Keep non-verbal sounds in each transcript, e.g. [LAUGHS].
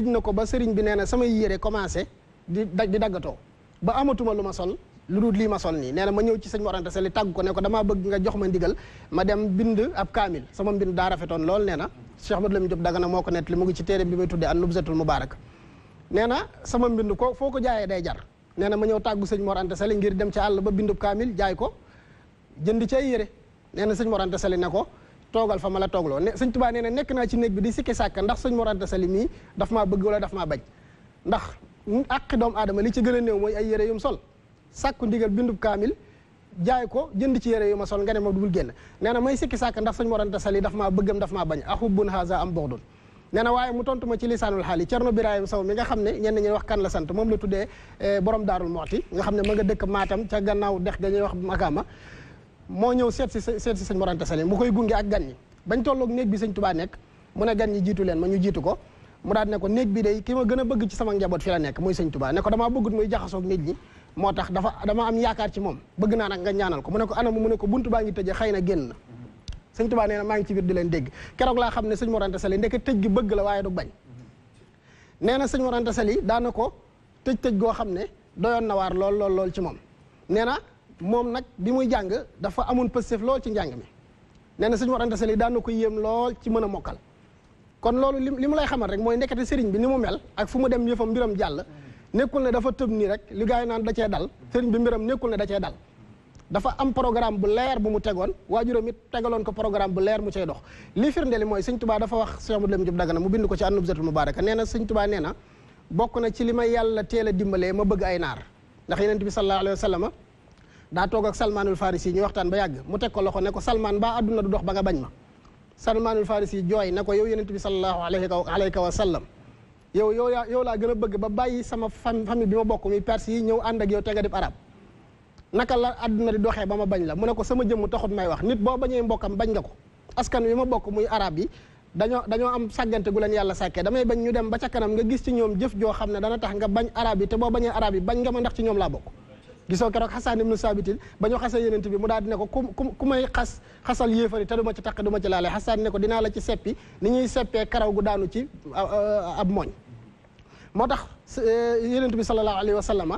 tëj na ko ba sëriñ bi nee na samay yére commencé di di daggatoo ba amatuma lu ma sol lu dul lii ma sol nii nee na ma ñëw ci sëñ Mor Anta tàgg ko ne ko damaa bëgg nga jox ma ndigal ma dem bind ab kaamil sama mbind daa rafetoon lool nee na Cheikh Ahmadou Lamine Diop Dagana moo ko nettali mu ngi ci téere bi may tuddee an nubzatul mubarak nee na sama mbind ko foo ko jaayee day jar nee na ma ñëw tàggu sëñ Mor Anta ngir dem ci àll ba bindub kaamil jaay ko jënd ci ay yére nee na sëñ Mor ne ko toogal fa ma la toogloo ne sëñ Tuubaa nee na nekk naa ci néeg bi di sikki sàkk ndax sëñ Mor Anta Sali mii daf maa bëgg wala daf ma bañ ndax àqi aadama li ci gën a néew mooy ay yére yum sol sàkku ndigal bindub kaamil jaay ko jënd ci yére yu ma sol nga ne ma dugul génn nee na may sikki sàkk ndax sëñ Mor Anta Sali daf maa bëggam daf maa bañ ahubbun haza am bordun nee na waaye mu tontu ma ci lisaanul xaali Cerno Birahim Saw mi nga xam ne ñenn ñi wax kan la sant moom la tuddee eh, borom daarul moxti nga xam ne ma a dëkk Maatam ca gannaaw dex ga ñuy wax Makaama moo ñëw seet si seet si sëñ Mor Anta Sali mu koy gunge ak gan ñi bañ tolloog néeg bi sëñ Tuubaa nekk mu ne gan ñi jiitu leen ma ñu jiitu ko mu daal ne ko néeg bi day ki ma gën a bëgg ci sama njaboot fi la nekk muy sëñ Tuubaa ne ko damaa bëggut muy jaxasoog ñi moo tax dafa dama am yaakaar ci moom bëgg naa nag nga ñaanal ko mu ne ko anam mu ne ko buntu baa ngi tëje xëy na génn na sëñ Tuubaa nee na maa ngi ci biir di leen dégg keroog laa xam ne sëñ Mor Anta Sali ndeke tëj gi bëgg la waaye du bañ nee na sëñ Mor Anta Sali daana ko tëj tëj goo xam ne doyoon na waar lool lool lool ci moom nee na moom nag bi muy jàng dafa amoon pëstef lool ci njàng mi nee na sëñ Mor Anta Sali daan na ko yéem lool ci mën a mokkal kon loolu li li mu lay xamal mooy nekkati sëriñ bi ni mu mel ak fu mu dem yëfam mbiram jàll nekkul ne dafa tëb nii rek li gars naan da cee dal sëriñ bi mbiram nekkul ne da dal dafa am programme bu leer bu mu tegoon waajuram it tegaloon ko programme bu leer mu cay dox li mooy sëñ Tuubaa dafa wax Cheikh Ahmadou Lamine Diop Dagana mu bind ko ci An-Nubzatul Mubaaraka nee na sëñ Tuubaa na bokk na ci li ma yàlla teel a dimbalee ma bëgg ay naar ndax Yonent bi sallallahu alayhi wa daa toog ak salmaanul farisi ñu waxtaan ba yàgg mu teg ko loxo ne ko salmaan ba àdduna du dox ba nga bañ ma salmaanul farisi jooy ne ko yow yonent bi sallallahu alayka wa sallam yow yow yow laa gën a bëgg ba bàyyi sama famille bi ma bokk mi perse yi ñëw ànd yow te nga def arab naka la àdduna di doxee ba ma bañ la mu ne ko sama jëmm taxut may wax nit boo bañee mbokkam bañ nga ko askan wi ma bokk muy arab yi dañoo dañoo am sàggante gu leen yàlla sàkkee damay bañ ñu dem ba ca kanam nga gis ci ñoom jëf joo xam ne dana tax nga bañ arab yi te boo bañee arab yi bañ nga ma ndax ci ñoom laa bokk gisoo keroog xasaan ibnu saabitin ba ñu xasa yenent bi mu daal di ne ko ku ku may xas xasal yéefari te du ma ci taq du ma ci laale xasaan ne ko dinaa la ci seppi ni ñuy seppee karaw gu daanu ci ab mooñ moo tax eh, yenent bi sallallahu alayhi wa sallama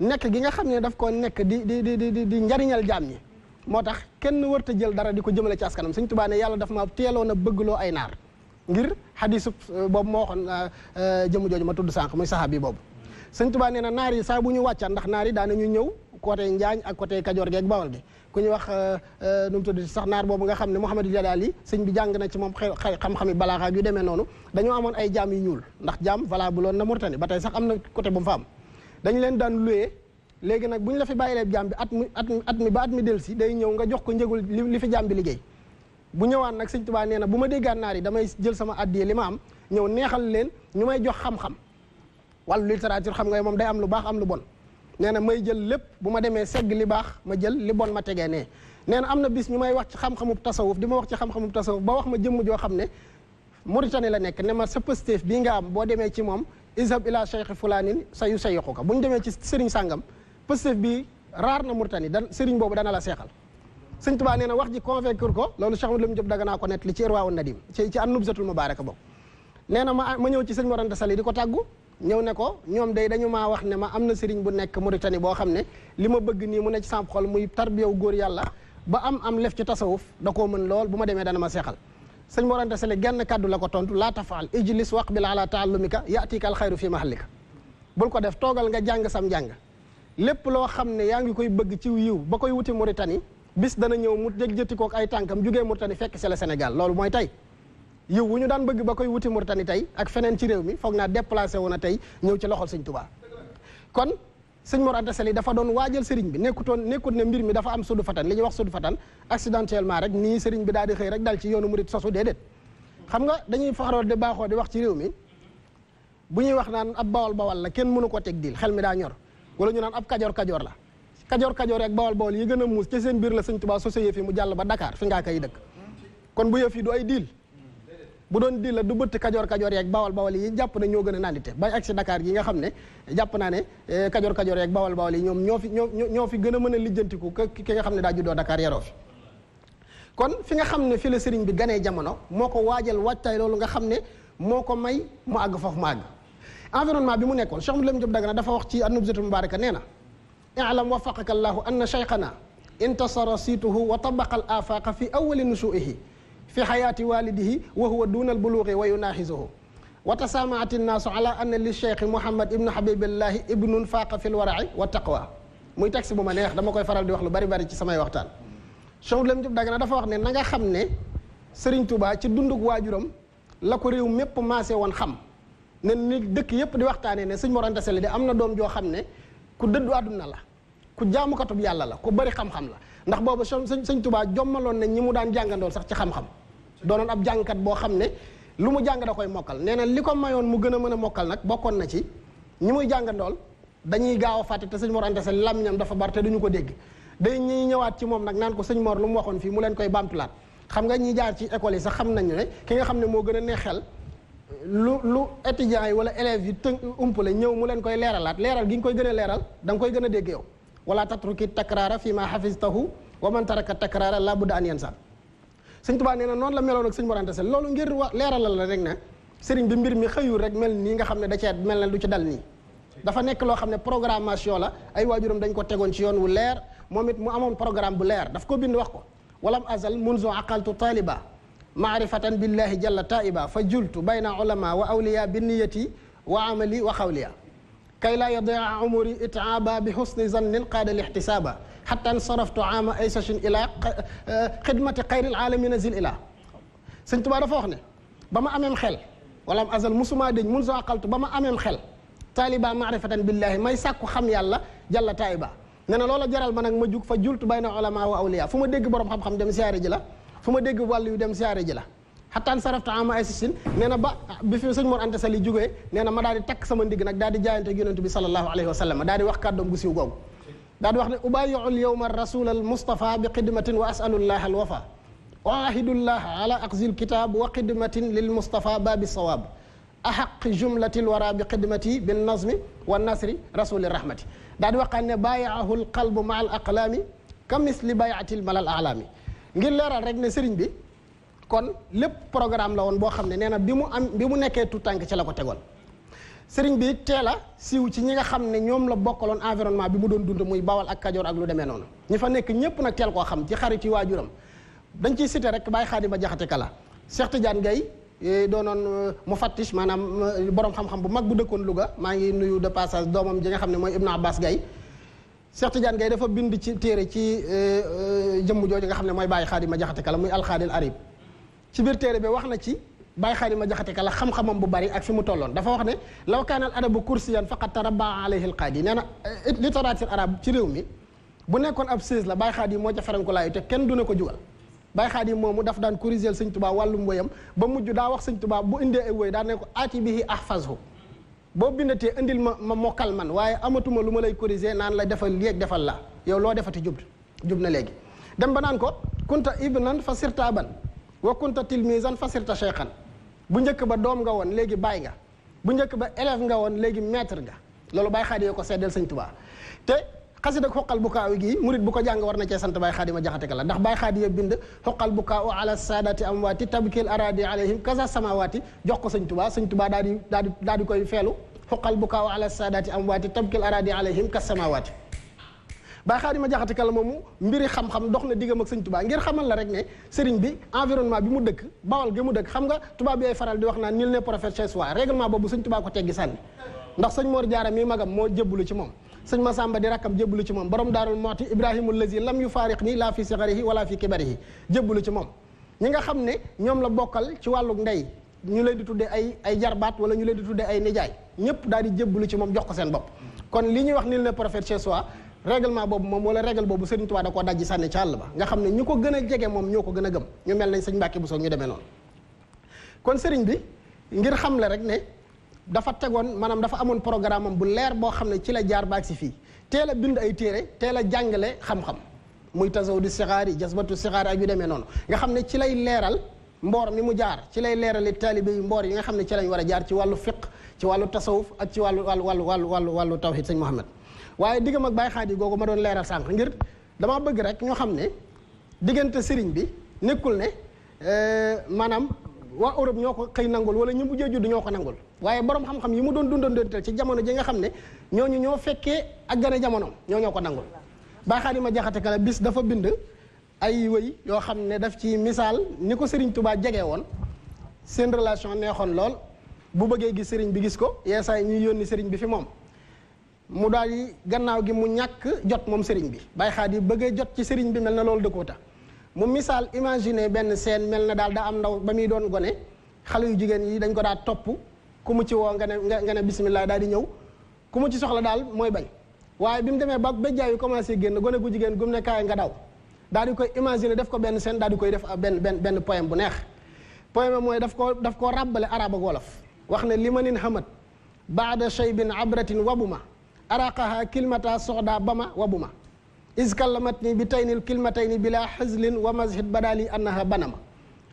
nekk gi nga xam ne daf koo nekk di di di di njariñal jaam ñi moo tax kenn warta jël dara di ko jëmale ci askanam suñ tubaa ne yàlla daf ma teeloon a bëggloo ay naar ngir xadisu eh, boobu moo waxoon eh, jëm jooju ma tudd sànq muy saxaabi boobu sëñ Tuubaa nee na naar yi saa bu ñu wàccaan ndax naar yi daana ñu ñëw côté Njaañ ak côté Kajoor geeg Bawol gi ku ñu wax euh, euh, nu mu tudd sax naar boobu nga xam ne Mouhamadou Jadaal yi sëñ bi jàng na ci moom xam-xami balaaxa yu demee noonu dañoo amoon ay jaam yu ñuul ndax jaam valable loon na Mauritanie ba tey sax am na côté bu mu fa leen daan luyee léegi nag bu ñu la fi bàyyilee jaam bi at mi at mi ba mi del si day ñëw nga jox ko njëgul li fi jaam liggéey bu ñëwaan nag sëñ Tuubaa nee na bu ma déggaan naar yi damay jël sama yi li ma am ñëw neexal leen ñu may jox xam-xam wàllu littérature xam nga moom day am lu baax am lu bon nee na may jël lépp bu ma demee segg li baax ma jël li bon ma tegee nee nee na am na bis ñu may wax ci xam-xamub tasawuf di ma wax ci xam-xamub tasawuf wax ma jëmm joo xam ne la nekk ne ma sa positif bii nga am boo demee ci moom izhab ila cheikh fulaanin sa yu ko bu ñu demee ci sëriñ sàngam positif bi raar na Mauritanie dan sëriñ boobu dana la seexal sëñ Tuubaa nee na wax ji convaincre ko loolu Cheikh Ahmadou Lam Diop Dagana ko net li ci Irwaawu Nadim ci ci an nubzatul mubaaraka bokk nee na ma ma ñëw ci sëñ Mor ko tàggu ñëw ne ko ñoom day dañu maa wax ne ma am na sëriñ bu nekk Mauritanie boo xam ne li ma bëgg nii mu ne ci sam xol muy tarbiyaw góor yàlla ba am am lef ci tasawuf da koo mën lool bu ma demee dana ma seexal sëñ morante sele genn kàddu la ko tontu laa tafaal ijlis waqbil ala taallumika yaatika alxayru fi mahallika bul ko def toogal nga jàng sam njàng lépp loo xam ne yaa ngi koy bëgg ci yiw ba koy wuti Mauritanie bis dana ñëw mu jëg jëtikook ay tànkam jugee Mauritanie fekk si Sénégal loolu mooy tey yiw wu ñu daan bëgg ba koy wuti Murtani tey ak feneen ci réew mi foog naa déplacé wu na tey ñëw ci loxol sëñ Tuubaa kon sëñ Mor Anta Sali dafa doon waajal sëriñ bi nekkutoon nekkut ne mbir mi dafa am sudu fatan li ñuy wax sudu fatan accidentellement rek nii sëriñ bi daal di xëy rek dal ci yoonu murit sosu déedéet xam nga dañuy faxaroo di baaxoo di wax ci réew mi bu ñuy wax naan ab bawal bawal la kenn mënu ko teg diil xel mi daa ñor wala ñu naan ab kajoor kajoor la kajoor kajoor rek bawal bawal yi gën a muus ci la sëñ Tuubaa sosé yëf yi jàll ba Dakar fi ngaa koy dëkk kon bu yëf yi du bu doon di du bëtt kajoor kajoor yeeg bawal bawal yi jàpp na ñoo gën a nandite ba agsi Dakar gi nga xam ne jàpp naa ne eh, kajoor kajoor yeeg bawal bawal yi ñoom ñoo fi ñoo ñoo fi gën a mën a lijjantiku ki nga xam ne daa juddoo Dakar yaroo fi kon fi nga xam ne fi la sëriñ bi ganee jamono moo ko waajal waajtaay loolu nga xam ne moo ko may mu àgg foofu mu àgg environnement bi mu nekkoon Cheikh Mouhamed Lamine Diop Dagana dafa wax ci an-Nubzatul Mubaraka nee na i'lam wafaqaka Allahu anna shaykhana intasara siituhu wa tabaqa al afaqa fi awali nusuihi fi xayaati walidihi wa huwa duna al buluuqi wa yunaaxizuhu wa tasaamaati nnaasu ala anna li cheikh mouhamad ibnu habibillahi ibnun faaqa fi lwaraci wa taqwa muy taxi bu ma neex dama koy faral di wax lu bari bari ci samay waxtaan Cheikh Lam Diop Dagana dafa wax ne na nga xam ne Serigne tubaa ci dunduk waajuram la ko réew mépp maase woon xam ne ni dëkk yépp di waxtaanee ne suñ Mor Anta Sali de am na doom joo xam ne ku dëdd dëddu àdduna la ku jaamukatub yàlla la ku bari xam la ndax boobu sëñ sëñ Touba jommaloon nañ ñi mu daan jàngandool sax ci xam doonoon ab jàngkat boo xam ne lu mu jàng da koy mokkal nee na li ko mayoon mu gën a mën a mokkal nag bokkoon na ci ñi muy jàngandool dañuy gaaw a fàtte te sëñ Mor Anta Sali làmmiñam dafa bar te duñu ko dégg day ñuy ñëwaat ci moom nag naan ko sëñ Mor lu mu waxoon fii mu leen koy bamtulaat xam nga ñi jaar ci école yi sa xam nañu ne ki nga xam ne moo gën a neex xel lu lu étudiants yi wala élèves yi tënk la ñëw mu leen koy leeralaat leeral gi ñu koy gën a leeral da nga koy gën a dégg yow wala tatruki takraara fi ma xafiztahu wa man taraka takraara la budda an yansa sëñ Tuubaa nee na noonu la meloon ak sëñ Mor Anta Sali loolu ngir wa leeralal la rek ne sëriñ bi mbir mi xëyul rek mel nii nga xam ne da cee mel na lu ci dal nii dafa nekk loo xam ne programmation la ay waajuram dañ ko tegoon ci yoon wu leer moom it mu amoon programme bu leer daf ko bind wax ko walam azal munzu aqaltu taliba maarifatan billahi jalla taiba fa jultu bayna ulama wa awliya bi niyati wa amali wa xawliya kay laa yadia umuri itaaba bi xusni zannin qaada lixtisaaba xatta saraftu ama aysachin ila eh, xidmati xayril alamina zil ila sëñ Tuubaa dafa wax ne ba ma ameem xel wala am azal musuma dëñ mun soo xaltu ba ma ameem xel taaliba maarifatan billahi may sàkku xam yàlla jàlla taaliba ne na loola jaral ma nag ma jug fa jultu bayna ulama wa awliya fu ma dégg borom xam-xam dem siyaare ji la fu ma dégg wàllu yu dem siyaare ji la xattaan sarafta ama ay sisin nee ba bi fi sëñ Mor Sali jógee nee ma daal di takk sama ndigg nag daal di jaayante ak yonent bi sallallahu alayhi wa sallam daal di wax kàddoom gu siiw googu daal di wax ne ubayiul yowma rasul al mustafa bi wa asalullah al wafa waahidullah ala aqzil kitab wa xidmatin lil mustafa baabi sawaab ahaq jumlatil wara bi xidmati bin nasri rasuli rahmati daal di waxaan ne baayahu al qalbu ma al aqlaami ka misli baayatil malal alaami ngir leeral rek ne sëriñ bi kon lépp programme la woon boo xam ne nee na bi mu am bi mu nekkee tout tànk ci la ko tegoon sëriñ bi teel a siiw ci ñi nga xam ne ñoom la bokkaloon environnement bi mu doon dund muy bawal ak kajoor ak lu noonu ñi fa nekk ñëpp nag teel koo xam ci xarit yi waajuram dañ ciy cité rek bàyyi xaadim ba jaxate kala Cheikh Tidiane Gaye e, doonoon e, mu fattish maanaam e, borom xam bu mag bu dëkkoon Louga maa ngi nuyu de passage doomam ji nga xam ne mooy Ibnu Abbas Gaye Cheikh Tidiane Gaye dafa bind ci téere ci jëmm jooju nga xam ne mooy bàyyi xaadim ba jaxate kala muy alxaadil arib ci biir téere bi wax na ci bàyyi xaari ma jaxate ka la xam-xamam bu bari ak fi mu tolloon dafa wax ne law kaanal adabu kursiyan faqad tarabba alayhi alqaadi nee na eh, littérature arab ci réew mi bu nekkoon ab siis la bàyyi xaat yi moo ca farankulaayu te kenn du ne ko jugal bàyyi xaat yi moomu daf daan corriger sëñ tubaa wàllum woyam ba mujj daa wax sañ tubaa bu indee ay woy daan ne ko aati bihi ahfazhu boo bindatee indil ma ma mokkal man waaye amatuma lu ma lay corriger naan la defal léeg defal la yow loo defati jub jub na léegi dem ba naan ko kunta ibnan fa sirtaban wa kunta tilmisan fasirta cheikhan bu njëkk ba doom nga woon léegi baay nga bu njëkk ba élève nga woon léegi maître nga loolu Baay Xaadim ko seddeel sëñ Tuubaa te xasida xoqal bukaaw gi murit bu ko jàng war na cee sant Baay Xaadim jaxate ka la ndax Baay Xaadim bind xoqal bukaaw ala saadati amwaati tabkil aradi alayhim kasa samawati jox ko sëñ Tuubaa sëñ Tuubaa daal di daal di daal di koy feelu xoqal bukaaw ala saadati amwaati tabkil aradi alayhim kasa samawati Baye Xaadima Jaxate Kala moomu mbiri xam-xam dox na diggam ak sëñ Tuubaa ngir xamal la rek ne sëriñ bi environnement bi mu dëkk bawal gi mu dëkk xam nga tubaab bi ay faral di wax naan nil ne prophète chez soi règlement boobu sëñ Tuubaa ko teggi sànni ndax sëñ Mor moo jébbalu ci moom sëñ Masamba di rakkam ci moom borom daarul mooti ibrahima lazi lam yu faariq moom nga xam ne ñoom la bokkal ci wàllu ndey ñu leen di tuddee ay ay jarbaat wala ñu leen di tuddee ay nijaay ñëpp daal di jébbalu ci moom jox ko seen bopp kon li ñuy wax nil ne prophète chez soi règlement boobu moom wala règle boobu Serigne Touba da koo dajji sànni ci àll ba nga xam ne ñu ko gën a jege moom ñoo ko gën a gëm ñu mel nañ sëñ Mbàkke Bousso ñu demee noonu kon sëriñ bi ngir xam le rek ne dafa tegoon maanaam dafa amoon programme am bu leer boo xam ne ci la jaar baag si fii teel a bind ay téere teel jàngale xam muy tasaw di sixaar yi jasbatu sixaar ak yu demee noonu nga xam ne ci lay leeral mboor mi mu jaar ci lay leerali taalibe yi mboor yi nga xam ne ci lañ war a jaar ci wàllu fiq ci wàllu tasawuf ak ci wàllu wàllu wàllu wàllu taw tawhid sañ Muhammad waaye diggam ak Baye Xaadi googu ma doon leeral sànq ngir dama bëgg rek ñu xam ne diggante sëriñ bi nekkul ne euh, maanaam waa Europe ñoo ko xëy nangul wala ñu mujjee judd ñoo ko nangul waaye borom xam-xam yi mu doon dundandoontel ci jamono ji nga xam ne ñooñu ñoo fekkee ak gën a ñoo ñoo ko nangul Baye ma jaxate kala bis dafa bind ay wëy yoo xam ne daf ci misaal ni ko Serigne Touba jege woon seen relation neexoon lool bu bëggee gi sëriñ bi gis ko yeesaay ñuy yónni Serigne bi fi moom mu daal di gannaaw gi mu ñàkk jot moom sëriñ bi Baye Xaadim bëggee jot ci sëriñ bi mel na loolu dëkkoo ta mu misaal imaginer benn seen mel na daal daa am ndaw ba muy doon gone xale yu jigéen yi dañ ko daa topp ku mu ci woo nga ne nga ne bisimilah daal di ñëw ku mu ci soxla daal mooy bañ waaye bi mu demee ba béjjaay yu commencé génn gone gu jigéen gum ne kaay nga daw daal di koy imaginer def ko benn seen daal di koy def benn benn benn poème bu neex poème mooy daf koo daf koo ràbbale arab ak wax ne li ma nin xamat baada shaybin abratin wabuma araqaha kilmata soxda bama wa buma iskallamatni bi taynil kilmatayni bila xizlin wa mazhid badali annaha banama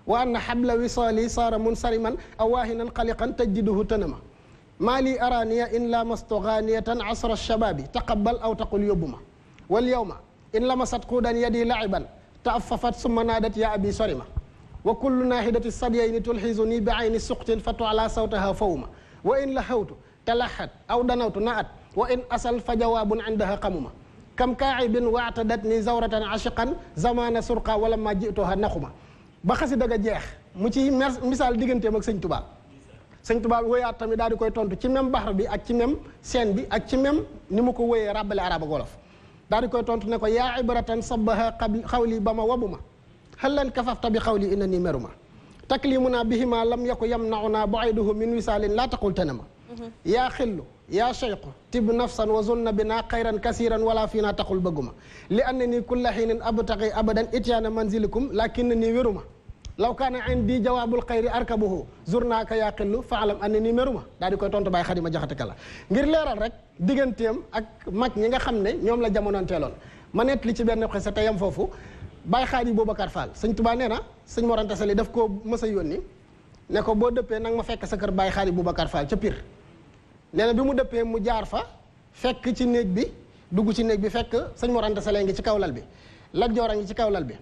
wa anna xabla wisaali saara munsariman aw waahinan xaliqan tajdiduhu tanama maa lii araaniya in laa mastoxaaniyatan asra shababi taqabal aw taqul yóbbu ma wal yowma in lamasat xuudan yadi laiban taafafat summa naadat yaa abi sori ma wa kullu naahidati sadyayni tulxisu nii bi ayni suqtin fa tuala sawtaha faw ma wa in la xawtu talaxat aw danawtu naat wa in asal fa jawaabun indaha xamuma kam kaaibin waatadat ni zawratan ashiqan zamana surqa wala ma jituha naxuma ba xasi daga jeex mu ci misaal diggantee ak sëñ tubaa sëñ tubaa wéyaat tamit daal di koy tontu ci même baxar bi ak ci même scène bi ak ci même ni mu ko wéyee ràbbale arab ak wolof daal di koy tontu ne ko yaa ibratan sabaha xawli ba ma wabuma xëllan kafafta bi xawli ina ni meruma taklimunaa bihima lam yaku yamnauna baiduhu min wisaalin laa taqul tene ma yaa xillu yaa cheyqu tib nafsan wa zunna bi naa xayran kasiran wala fii naa taxul bëgguma li anna nii kulla xiinin abtaqi abadan ityaana manzilikum lakinna nii wéruma law kaana indi jawaabul xayri arkabuhu zurnaaka yaa xillu faalam anna nii méruma daal di koy tontu baay xadima jaxate kala ngir leeral rek digganteem ak mag ñi nga xam ne ñoom la jamononteeloon ma nett li ci benn xisa te yam foofu baay xaadi Boubacar Fall sëñ Tuubaa na sëñ Mor Anta Sali daf koo mës a yónni ne ko boo dëppee nag ma fekk sa kër baay xaadi Boubacar Fall ca Pire nee na bi mu dëppee mu jaar fa fekk ci néeg bi dugg ci néeg bi fekk sañ Mor Anta Sali ngi ci kaw lal bi Lat Joor a ngi ci kaw lal bi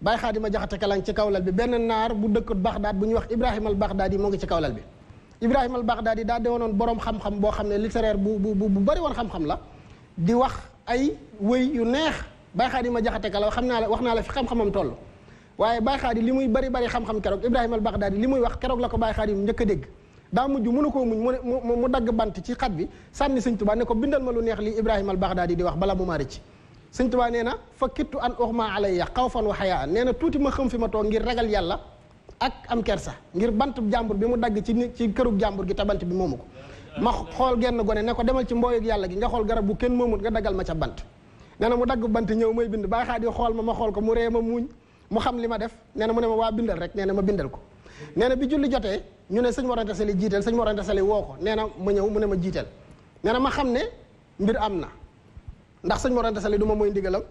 Baay Xaadima Jaxate Kala ngi ci kaw bi benn naar bu dëkk Baxdaad bu ñuy wax Ibrahima al Baxdaadi moo ngi ci kaw lal bi Ibrahima al Baxdaadi daa dewoonoon borom xam-xam boo xam ne littéraire bu bu bu bari woon xam-xam la di wax ay wëy yu neex Baay Xaadima Jaxate Kala xam naa la wax naa la fi xam-xamam toll waaye Baay Xaadi li muy bari bari xam-xam keroog Ibrahima al Baxdaadi li muy wax keroog la ko Baay Xaadi njëkk a dégg daa mujj mënu koo muñ mu mu dagg bant ci xat bi sànni sëñ tubaa ne ko bindal ma lu neex li ibrahima al baghdadi di wax bala mu ma rëcc sëñ tubaa nee na fa kittu an uxma alayya xawfan wa xayaa nee na tuuti ma xam fi ma toog ngir ragal yàlla ak am kersa ngir bant jàmbur bi mu dagg ci ci kërug jàmbur gi te bant bi moomu ko ma xool genn gone ne ko demal ci mbooyug yàlla gi nga xool garab bu kenn moomut nga daggal ma ca bant nee na mu dagg bant ñëw may bind bàyyi xool ma ma xool ko mu ree ma muuñ mu xam li ma def nee na mu ne ma waa bindal rek nee na ma bindal ko nee na bi julli jotee ñu ne sëñ Mor Sali jiital sëñ Mor Sali woo ko nee na ma ñëw mu ne ma jiital nee ma xam ne mbir am na ndax sëñ Mor Sali du ma mooy ndigalam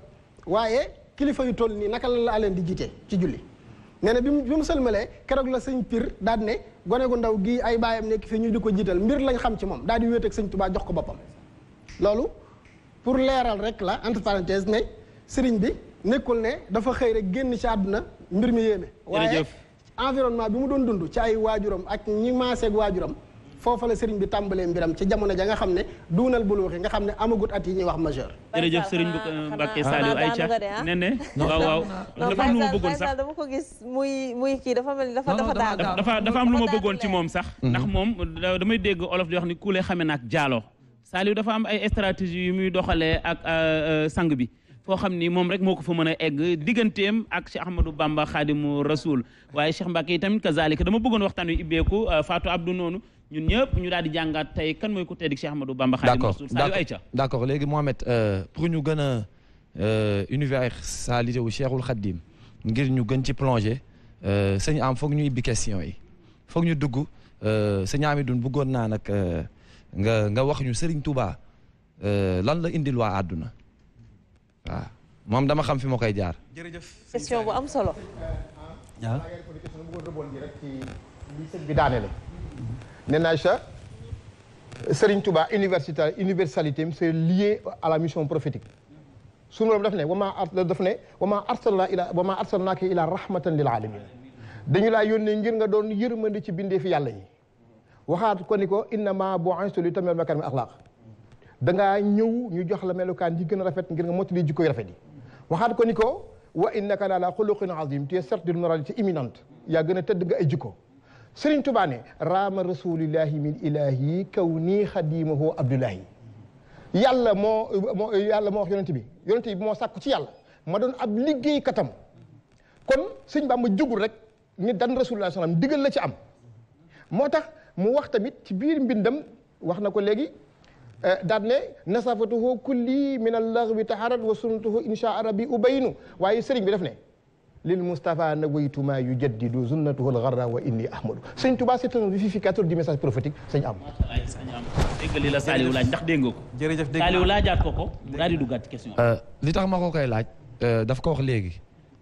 waaye kilifa yu toll nii naka la laa leen di jiite ci julli nee bi mu bi mu sëlmalee keroog la sëñ Pir daal ne gone gu ndaw gi ay baayam nekk fi ñu di ko jiital mbir lañ xam ci moom daal di wéet ak sëñ Tuubaa jox ko boppam loolu pour leeral rek la entre parenthèse ne sëriñ bi nekkul ne dafa xëy rek génn ci àdduna mbir mi yéeme waaye environnement bi mu doon dund ci ay waajuram ak ñi maaseeg waajuram foofa la sëriñ bi tàmbalee mbiram ci jamono ja nga xam ne duunal buluuxi nga xam ne amagut at yi ñuy wax majeur jërëjëf sëriñ Mbacke Saliou Aïcha ah? ne ne [LAUGHS] waaw waaw dafa am ma ko gis muy muy kii dafa mel dafa dafa dafa dafa am lu ma bëggoon ci moom sax mhm. ndax moom damay dégg olof di wax ni kuule xame naak jaalo Saliou dafa am ay stratégie yu muy doxalee ak euh, euh, sang bi foo xam ni moom rek moo ko fa mën a egg digganteem ak Cheikh Ahmadou Bamba Khadimu Rasoul waaye Cheikh Mbacke yi tamit kazalika dama bëggoon waxtaan wi ibbeeku euh, Fatou Abdou noonu ñu ñëpp ñu daal di jàngaat kan mooy ku tedd Cheikh Ahmadou Bamba Khadimu Rasoul saa yu ay ca d'accord léegi Mohamed euh, pour ñu gën a euh, universalité wu Cheikhul Khadim ngir ñu gën ci plongé sëñ am foog ñu ibbi question yi foog ñu dugg sëñ Amidoune bëggoon naa nag nga nga wax ñu Serigne Touba lan la indil waa àdduna waaw ah. moom dama xam fi ma koy jaar. jërëjëf question bu am solo. waaw. nee naa sa Serigne Touba université universalité c'est lié à la mission prophétique. suñu borom daf ne wa maa ar daf ne wa maa arsalnaa ila wa maa arsalnaaka ila rahmatan lil alamin dañu laa yónnee ngir nga doon yërmande ci bindee fi yàlla yi waxaat ko ni ko innamaa bu'istu li utammima makaarimal axlaaq da ngaa ñëw ñu jox la melukaan yi gën a rafet ngir nga mottali jikko yu rafet yi waxaat ko ni ko wa innaka la ala xuluqin azim tu es certes d'une moralité imminente yaa gën a tëdd nga ay jikko sëriñ Tuubaa ne raama rasulillahi min ilahi kaw nii xadimahu yàlla moo moo yàlla moo wax yonente bi yonente bi moo sàkku ci yàlla ma doon ab liggéey katam kon sëñ Bamba jugul rek ni dan rasulullah sallam digal la ci am moo tax mu wax tamit ci biir mbindam wax na ko léegi Eh, daat ne nasafatuhu kulli min allaghwi taharat wa sunnatuhu insha rabbi ubaynu waaye sëriñ bi def ne lil Mustafa nawaytu ma yujaddidu sunnatuhu al-gharra wa inni ahmadu sëñ Touba c'est un vivificateur du message li la Saliou laaj ndax dégg nga ko jërëjëf dégg Saliou laajaat ko ko daal euh, tax ma ko laaj euh, daf ko wax léegi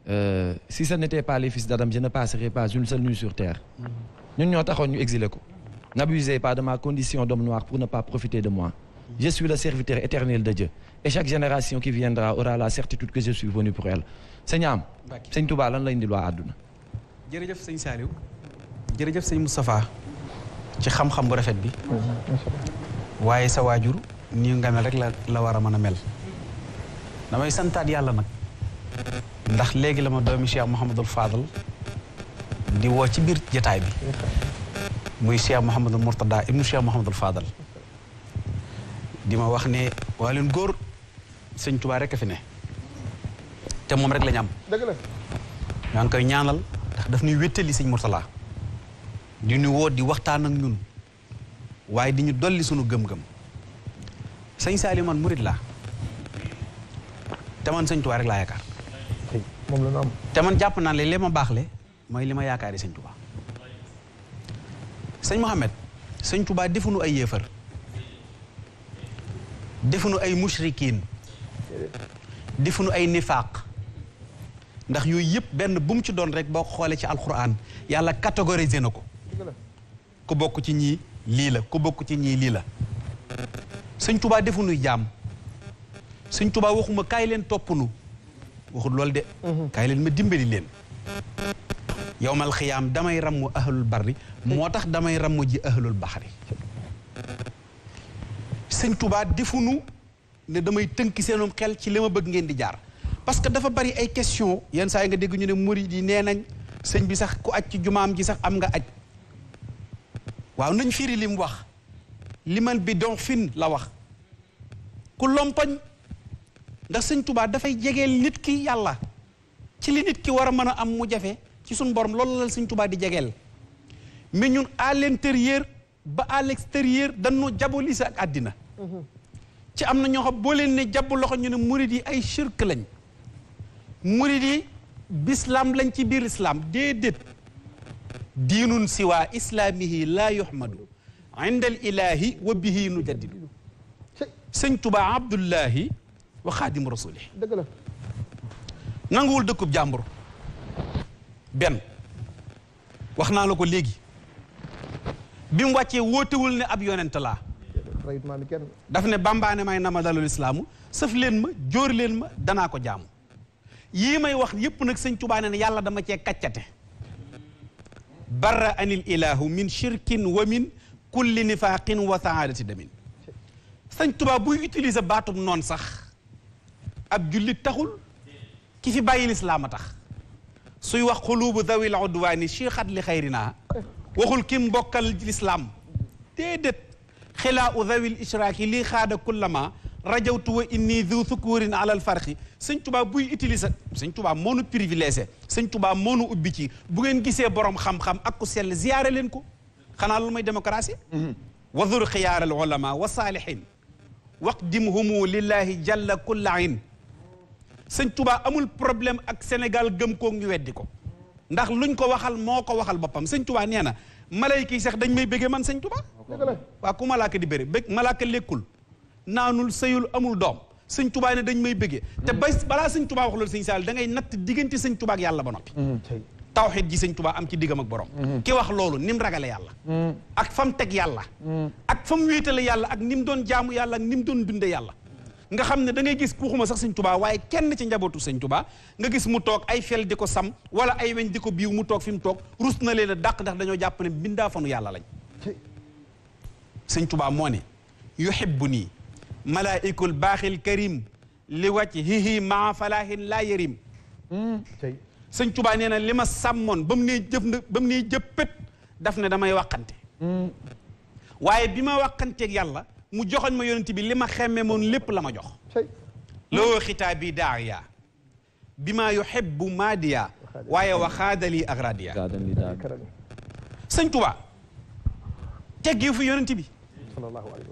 euh, si ce n'était pas les fils d'Adam je ne passerai pas une seule nuit sur terre mm-hmm. ñun ñoo taxoon ñu exilé ko n'abusez pas de condition d'homme noir pour ne pas profiter de moi Je suis le serviteur éternel de Dieu. Et chaque génération qui la certitude que je suis venu pour elle. sëñ am ci xam-xam bu rafet bi waaye sa waajur nii nga mel rek la war a mën a mel damay santaat yàlla nag ndax léegi la ma doomi Cheikh Mouhamadul Fadal di woo ci biir jataay bi muy Cheikh Mouhamadul Mourtada ibnu Cheikh Mouhamadul Fadal di ma wax ne waa leen góor sëñ Tuubaa rek fi ne te moom rek lañ am. dëgg la. maa ngi koy ñaanal ndax daf ñuy wéttali sëñ Mourtala di ñu woo di waxtaan ak ñun waaye di ñu dolli sunu gëm-gëm sëñ Saliou man murit laa te man sëñ Tuubaa rek laa yaakaar. te man jàpp naa ne ma baax le mooy li ma yaakaari sëñ Tuubaa sëñ Mohamed sëñ Tuubaa defuñu ay yéefar. defuñu ay mushrikiin defuñu ay nifaaq ndax yooyu yëpp benn bu mu ci doon rek boo xoolee ci alquran yàlla catégorisé na ko ku bokk ci ñii lii la ku bokk ci ñii lii la sëñ tubaa defuñuy jaam sëñ tubaa waxuma kaay leen toppnu waxul loolu de mhm. kaay leen ma dimbali leen yowmal xiyaam damay rammu ahlul barri moo tax damay rammu ji ahlul baxri sañ Touba defunu ne damay tënki seenum xel ci li ma bëgg ngeen di jaar parce que dafa bari ay question yenn saa yi nga dégg ñu ne murid yi nee nañ sëñ bi sax ku aj ci jumaam ji sax am nga aj waaw nañ firi li mu wax limal bi don fin la wax ku lompoñ ndax sëñ Touba dafay jegeel nit ki yàlla ci li nit ki war a mën a am mu jafe ci suñu borom loolu la sëñ Touba di jegeel mais ñun à l'intérieur ba à l'extérieur dañoo jabolise ak àddina ci am na ñoo xam boo leen ne jàpp loxo ñu ne murid ay shirk lañ murid yi bislaam lañ ci biir islaam déedéet diinun siwa islaamihi laa yuhmadu inda al wa bihi nu jaddidu sëñ tubaa abdullahi wa xaadimu rasulih dëgg la nanguwul dëkkub jàmbur benn wax naa la ko léegi bi mu wàccee wóotewul ne ab yonent laa rayut maami kenn daf ne bambaane may nama dalul islaamu sëf leen ma jóor leen ma danaa ko jaamu yii may wax yépp nag sëñ Tuubaa ne ne yàlla dama cee kaccate barra anil ilahu min shirkin wa min kulli nifaqin wa saadati damin sëñ Tuubaa buy utiliser baatum noon sax ab jullit taxul ki fi bàyyi lislaam a tax suy wax xulubu dawil udwaani chixat li xayrina waxul kim mbokkal lislaam déedéet xilaa u dawil ishraaki lii xaada kullama rajawtu wa inni du sukurin alal farxi sëñ tubaa buy utiliser sëñ tubaa moonu privilégié sëñ tubaa moonu ubbi ci bu ngeen gisee borom xam-xam ak ku sell ziyaare leen ko xanaa loolu mooy démocratie mhm. wa dur xiyaar al ulama wa saalihin waqdimhumu lillahi jalla kulla in sëñ tubaa amul problème ak Sénégal gëm koo ñu weddi ko ndax luñ ko waxal moo ko waxal boppam sëñ tubaa nee na malayka yi sax dañ may béggee man sëñ Tuubaa waa ku malaaka di béré bég malaaka lekkul naanul sëyul amul doom sëñ Tuubaa ne dañ may bëgge te ba balaa sëñ Tuubaa wax loolu sëñ Saal da ngay natt diggante sañ tubaak yàlla ba noppi mm-hmm, tawxid ji sëñ Tuubaa am ci diggam ak borom mm-hmm. ki wax loolu ni mu ragale yàlla mm-hmm. ak fam teg yàlla ak fam wéetale yàlla ak ni mu doon jaamu yàlla ak ni mu doon dunde yàlla nga xam ne da ngay gis kuuxuma sax sëñ tubaa waaye kenn ci njabootu sëñ tubaa nga gis mu toog ay fel di ko sam wala ay weñ di ko biiw mu toog fi mu toog rus na leen a dàq ndax dañoo jàpp ne bindaa fanu yàlla lañ sëñ tubaa moo ne yuhibbu nii malaikul baaxil karim li wàcc hihi maa falaahin laa yarim hmm, sëñ tubaa nee na li ma sàmmoon ba mu nee jëf na ba mu nee jëppët daf ne damay waqante hmm. waaye bi ma waqanteeg yàlla mu joxoñ ma yonent bi li ma xemme moon lépp la ma jox loo xitaabi daaya bi maa yuhibbu maadiya waaye waxaadali ak radia sëñ Tuba teggeewu fi yonent bi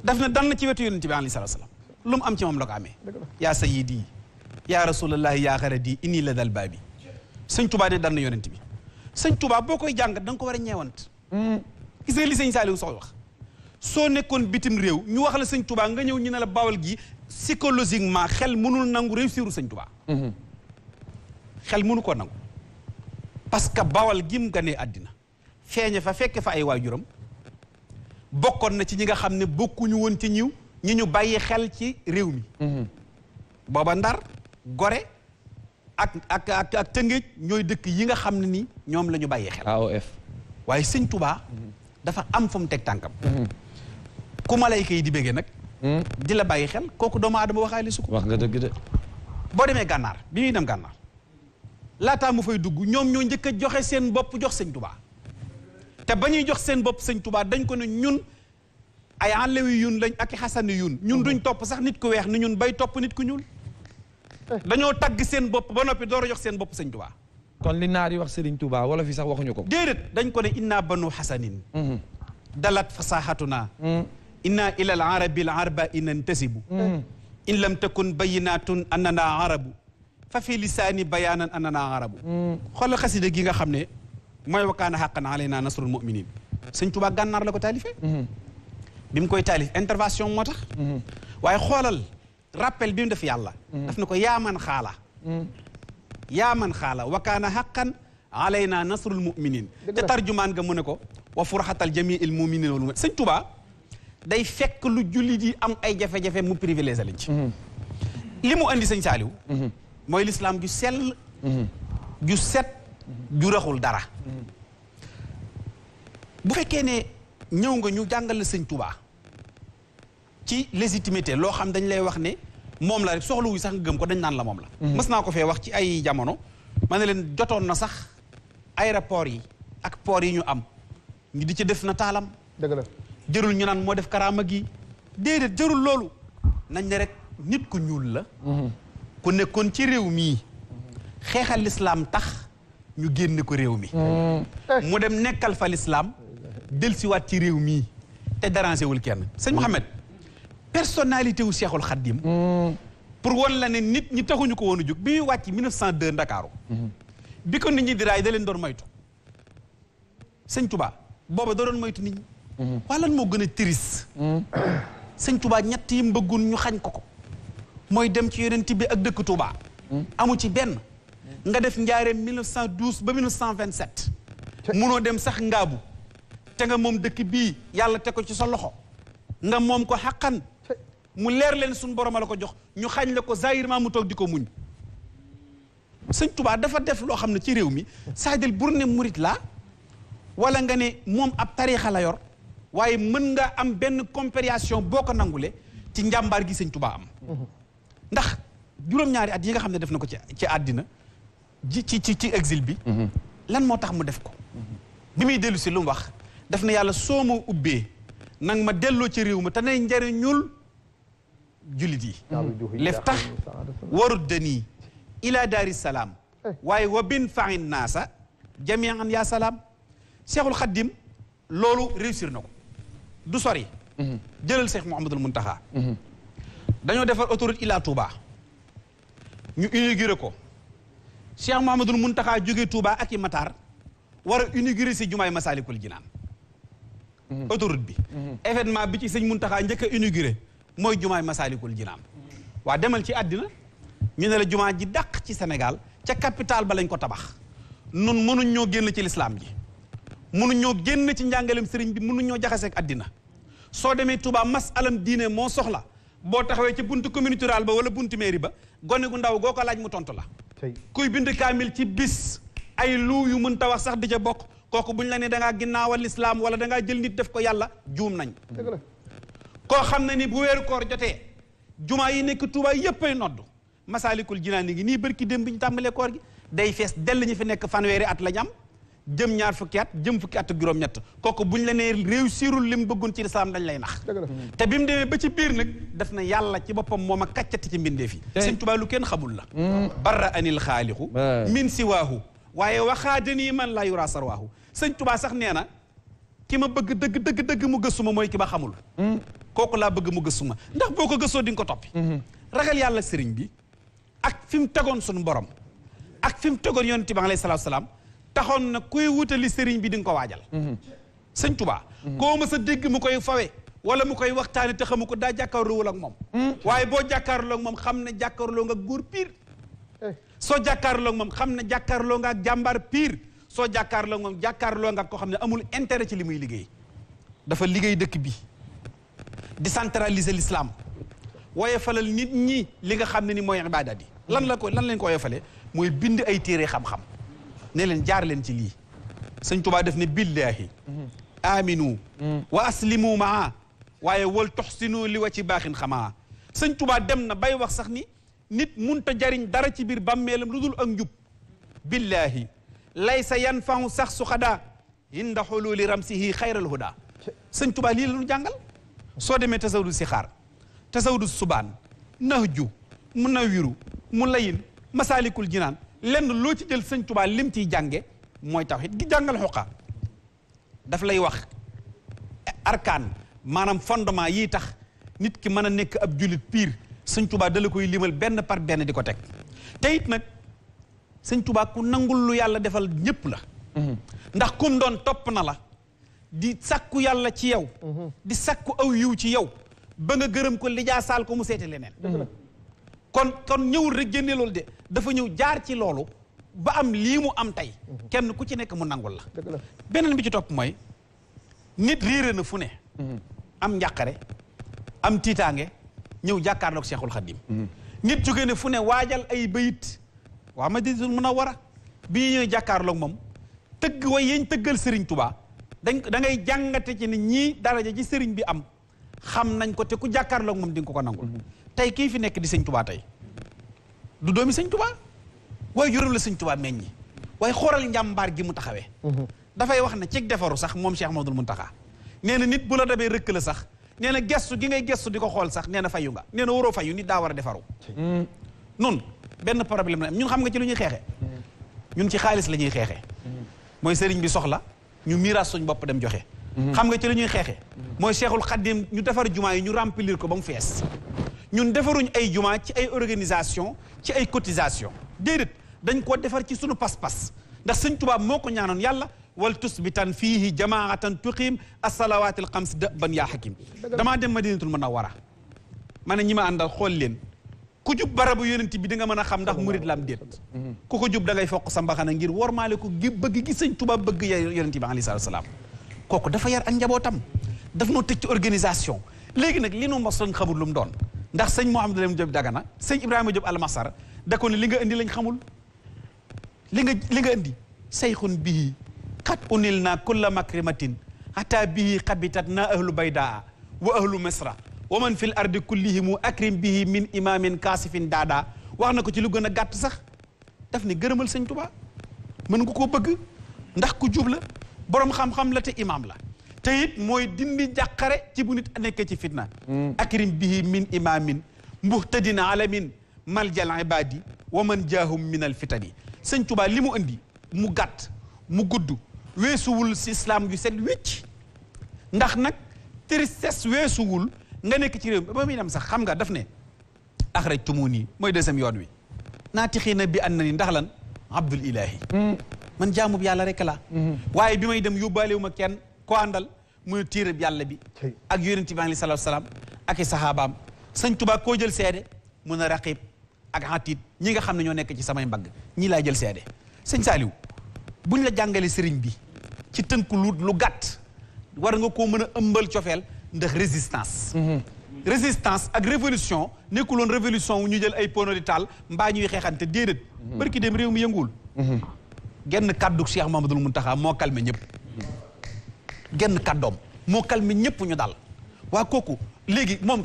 daf na dan na ci wetu yonent bi alayhi salaam lu mu am ci moom la ko amee yaa sayidi yaa rasulallahi yaa xaradi inni la dal baabi sëñ Tuba ne dan na yonent bi sëñ Tuba boo koy jàng da ko war a ñeewant mm. gis nga li sëñ Saaliw sox wax soo nekkoon bitim réew ñu wax la sëñ tubaa nga ñëw ñu ne la bawal gi psychologiquement xel mënul nangu réussiru sëñ tubaa mhm. xel mënu ko nangu parce que bawal gi mu ganee àddina feeñe fa fekke fa ay waajuram bokkoon na ci ñi nga xam ne bokkuñu woon ci ñiw ñi ñu bàyyi xel ci réew mi mhm. booba ndar gore ak ak ak ñooy dëkk yi nga xam ne nii ñoom la ñu bàyyi xel AOF waaye sëñ tubaa mhm. dafa am fu mu teg tànkam ku malayka yi di béggee nag hmm? di la bàyyi xel kooku doomu aadama waxaale su ko wax nga dëgg de boo demee gànnaar bi muy dem gànnaar laataa mu fay dugg ñoom ñoo njëkk a joxe seen bopp jox sëñ tubaa te ba ñuy jox seen bopp sëñ tubaa dañ ko ne ñun ay enlewi yun lañ ak i xasani yun ñun duñ topp sax nit ku weex ni ñun bay topp nit ku ñuul dañoo tagg seen bopp ba noppi door a seen bopp sëñ tubaa kon li naar yi wax sëriñ tubaa wala fi sax waxuñu ko déedéet dañ ko ne ba banu xasanin hmm. dalat fasahatuna hmm. inna ila al arabi al arba in antasibu mm. in lam takun bayinatun annana arabu fa fi lisaani bayaanan annana arabu mm. xoolal xasida gi nga xam ne mooy wakkaana xaqan alayna nasrul muminin sëñ Tuubaa gànnaar la ko taalifee mm-hmm. bi koy taalif intervention moo tax mm-hmm. waaye xoolal rappel bi mu def yàlla mm-hmm. daf na ko yaaman xaala yaaman xaala wakkaana xaqan alayna nasrul muminin te tarjumaan nga mu ne ko wa furxatal jamii il muminin wal day fekk lu jullit yi am ay jafe-jafe mu privilégié lañ ci li mu indi sëñ Saaliw mooy lislaam ju sell ju set ju raxul dara bu fekkee ne ñëw nga ñu jàngal la sëñ tubaa ci légitimité loo xam dañ lay wax ne moom la rek soxla wu sax nga gëm ko dañ naan la moom la mhm. mës naa ko fee wax ci ay jamono ma ne leen jotoon na sax aéroport yi ak port yi ñu am ñu di ci def na taalam dëgg jërul ñu naan moo def karaama gi déedéet jërul loolu nañ ne rek nit ku ñuul la mhm. ku nekkoon ci réew mii xeexal lislaam tax ñu génne ko réew mi mhm. mu dem nekkal fa lislaam delsiwaat ci réew mii te dérangé kenn sëñ Mouhamed personnalité wu Cheikhul Khadim mhm. pour wan la ne nit ñi taxuñu ko woon a jóg bi ñuy wàcc 1902 Ndakaaru bi ko nit ñi diraay da doon maytu sëñ Touba booba da doon moytu nit Mm-hmm. waa lan moo gën a tiris mm-hmm. sëñ tubaa ñett yi mbëggun ñu xañ ko ko mooy dem ci yonent bi ak dëkk Touba mm-hmm. amu ci benn nga def njaareem 1912 ba 1927 munoo dem sax ngaabu te nga moom dëkk bii yàlla te ko ci sa loxo nga moom ko xaqan mu leer leen suñu borom la ko jox ñu xaañ la ko zaahirement mu toog di ko muñ sëñ tubaa dafa def loo xam ne ci réew mi saadil bur ne murit la wala nga ne moom ab tariixa yor waaye mën nga am benn compréhension boo ko nangule ci njàmbaar gi sëñ Tuubaa am ndax juróom-ñaari at yi nga xam ne def na ko ci ci àddina ji ci ci ci exil bi lan moo tax mu def ko bi muy dellu si lu mu wax daf na yàlla soo ma ubbee nang ma delloo ci réew mi te ne njariñul jullit yi lef tax warut danii ila daari salaam waaye wa bin fain naasa jamian ya salaam Seexul Xaddim loolu réussir na ko du sori. jëlal Cheikh Mouhamadul Mountakha. dañoo defar autoroute Ila Touba. ñu inauguré ko. Cheikh Mouhamadul Mountakha jógee Touba ak i Matar war a inauguré si jumaay Masaalikul Jinaan. autoroute bi. événement bi ci sëñ Mountakha njëkk a inauguré mooy jumaay Masaalikul Jinaan. waa demal ci àddina ñu ne la jumaa ji dàq ci Sénégal ca capital ba lañ ko tabax. nun mënuñ ñoo génn ci lislaam ji. mënuñ ñoo génn ci njàngaleem sëriñ bi mënuñ ñoo jaxaseeg àddina. soo demee mas masalam diine moo soxla boo taxawee ci buntu communauté rurale ba wala buntu mairie ba gone gu ndaw goo ko laaj mu tontu la. kuy bind kaamil ci bis ay lu yu mën ta wax sax di ca bokk kooku bu buñ la ne dangaa ginnaaw ginnaawal lislaam wala dangaa jël nit def ko yàlla juum nañ. koo xam ne ni bu weeru koor jotee jumaa yi nekk Touba yëppay nodd masaalikul jinaan ngi nii bërki démb bi ñu tàmbalee koor gi day fees dell ñu fi nekk fanweeri at la ñam jëm ñaar fukki at jëm fukki at ak juróom-ñett kooku buñ la nee réussirul lim bëggun ci lislaam dañ lay nax te bi mu demee ba ci biir nag def na yàlla ci boppam moom a kàccati ci mbindeef yi sëñ Tuubaa lu kenn xamul la mm. barra anil xaaliqu min siwaahu waaye waxaadanii man laa yuraa sarwaahu sëñ tubaa sax nee na ki ma bëgg dëgg dëgg dëgg mu gësuma mooy ki ma xamul mm. kooku laa bëgg mu gësuma ndax boo ko gëstoo di nga ko toppi mm-hmm. ragal yàlla sëriñ bi ak fi mu tegoon suñu borom ak fi mu tegoon yonent bi alayhi salaatu salaam taxoon na kuy wutali sëriñ bi di ko waajal mhm. sëñ tubaa mhm. koo ma sa dégg mu koy fawe wala mu koy waxtaane te xamu ko daa jàkkaarloowul ak moom mhm. waaye boo jàkkaarloo ak moom xam ne jàkkaarloo nga góor piir eh. soo jàkkaarloo ak moom xam ne jàkkaarloo nga ak piir soo jàkkaarloo ak moom jàkkaarloo nga ak koo xam ne amul intere ci li muy liggéey dafa liggéey dëkk bi di décentraliser lislaam woye falal nit ñi li nga xam ne ni mooy ibaada bi lan la ko lan lañ ko woye fale mooy bind ay téere xam-xam ne jaar leen ci lii sëñ Tuubaa def ne billaahi aminu wa aslimu maa waaye wal toxsinu li wa ci baaxin xamaa sëñ Tuubaa dem na bay wax sax ni nit munta jariñ dara ci biir bàmmeelam lu dul ak njub billaahi laysa yanfahu sax su xadaa inda xululi ramsihi xayral huda sëñ Tuubaa lii la ñu jàngal soo demee tasawdu si xaar tasawdu subaan nahju mu nawiru mu layin masaalikul jinaan lenn loo ci jël sëñ tubaa lim ciy jànge mooy tawhid di jàngal xoqaa daf lay wax arkaan maanaam fondement yi tax nit ki mën a nekk ab jullit piir sëñ tubaa da la koy limal benn par benn di ko teg te nag sëñ tubaa ku nangul lu yàlla defal ñépp la mhm. ndax kum doon topp na la di sakku yàlla ci yow mhm. di sakku aw yiw ci yow ba nga gërëm ko saal ko mu seete leneen kon kon ñëwul rek génne loolu de dafa ñëw jaar ci loolu ba am lii mu am tey kenn ku ci nekk mu nangul la beneen bi ci topp mooy nit réere na fu ne mhm. am njàqare am tiitaange ñëw jàkkaarloog Seexul Xaddim mhm. nit jóge ne fu ne waajal ay bayit waa ma Madinatul Munawwara bi ñu ñëw jàkkaarloog moom tëgg way yeñ tëggal sëriñ Tuubaa dañ da ngay jàngate ci ne ñii daraja ci sëriñ bi am xam nañ ko te ku jàkkaarloog moom di ko ko nangul mhm. tey kii fi nekk di sëñ tubaa tey du doomi sëñ tubaa waaye juróom la sëñ meññi waaye xoolal njàmbaar gi mu taxawee mhm. dafay wax ne cig defaru sax moom Cheikh Mamadou Mountakha nee na nit bu la dabee rëkk la sax nee na gestu gi ngay gestu di ko xool sax nee na fayu nga nee na waroo fayu nit daa war a defaru mhm. nun benn problème la xam nga ci lu ñuy xeexe mhm. ñun ci xaalis la ñuy xeexe mooy sëriñ bi soxla ñu miiras suñ bopp dem joxe xam ci lu ñuy xeexe mooy Cheikhul Khadim ñu defar jumaa yi ñu remplir ko ba mu fees ñun defaruñ ay jumaa ci ay organisation ci ay cotisation déedéet dañ ko defar ci sunu pas-pas ndax sëñ tubaab moo ko ñaanoon yàlla wal tusbitan fiihi jamaatan tuqiim assalawaatil xams da ban yaa hakim damaa dem madinatul munawwara ma ne ñi ma àndal xool leen ku jub barabu yonent bi danga nga mën a xam ndax murit lam déet ku ko jub da ngay fokk sa mbaxana ngir wormaale ko gi bëgg gi sëñ tubaab bëgg yonent bi alayhi salaatu salaam kooku dafa yar ak njabootam daf noo tëj ci organisation léegi nag li nu mos lañ xamul lu mu doon ndax sëñ Mouhamadou Lamine Diop Dagana sëñ Ibrahima Diop Almasar da ko li nga indi lañ xamul li nga li nga indi sayxun bihi xat unil naa kulla makrimatin xata bihi xabitat na ahlu baydaa wa ahlu misra wa man fil ardi kullihimu akrim bihi min imamin kaasifin daadaa wax na ko ci lu gën a gàtt sax daf ni gërëmal sëñ Tuubaa mën nga koo bëgg ndax ku jubla boroom xam-xam la te imaam la te it mooy dindi jàqare ci bu nit nekkee ci fitna mm. akrim bihi min imamin muhtadin alamin maljal ibadi wa man jaahum min al fitani sëñ Tuubaa li mu indi mu gàtt mu gudd weesuwul si islam yu set wicc ndax nag tristesse weesuwul nga nekk ci réew mi ba muy dem sax xam nga daf ne axraj tumuni mooy deuxième yoon wi naatixiina bi an na ni ndax lan abdul ilahi mm. man jaamub yàlla rek la mm-hmm. waaye bi may dem yóbbaalewu ma kenn koo àndal muy tiirab yàlla bi ak yonent bi aleyhi salaatu salaam ak i saxaabaam sëñ Tuubaa koo jël seede mun a raqib ak xatiit ñi nga xam ne ñoo nekk ci samay mbagg ñii laay jël seede sëñ Saaliw buñ la jàngalee sëriñ bi ci tënku lu lu gàtt war nga koo mën a ëmbal cofeel ndax résistance mhm. résistance ak révolution nekkuloon révolution wu ñu jël ay pono di taal mbaa ñuy xeexante déedéet mhm. barki dem réew mi yënguwul mhm. genn kàddu Cheikh Mamadou Mountakha moo calmé ñëpp genn kàddoom moo calme ñëpp ñu dal waa kooku léegi moom.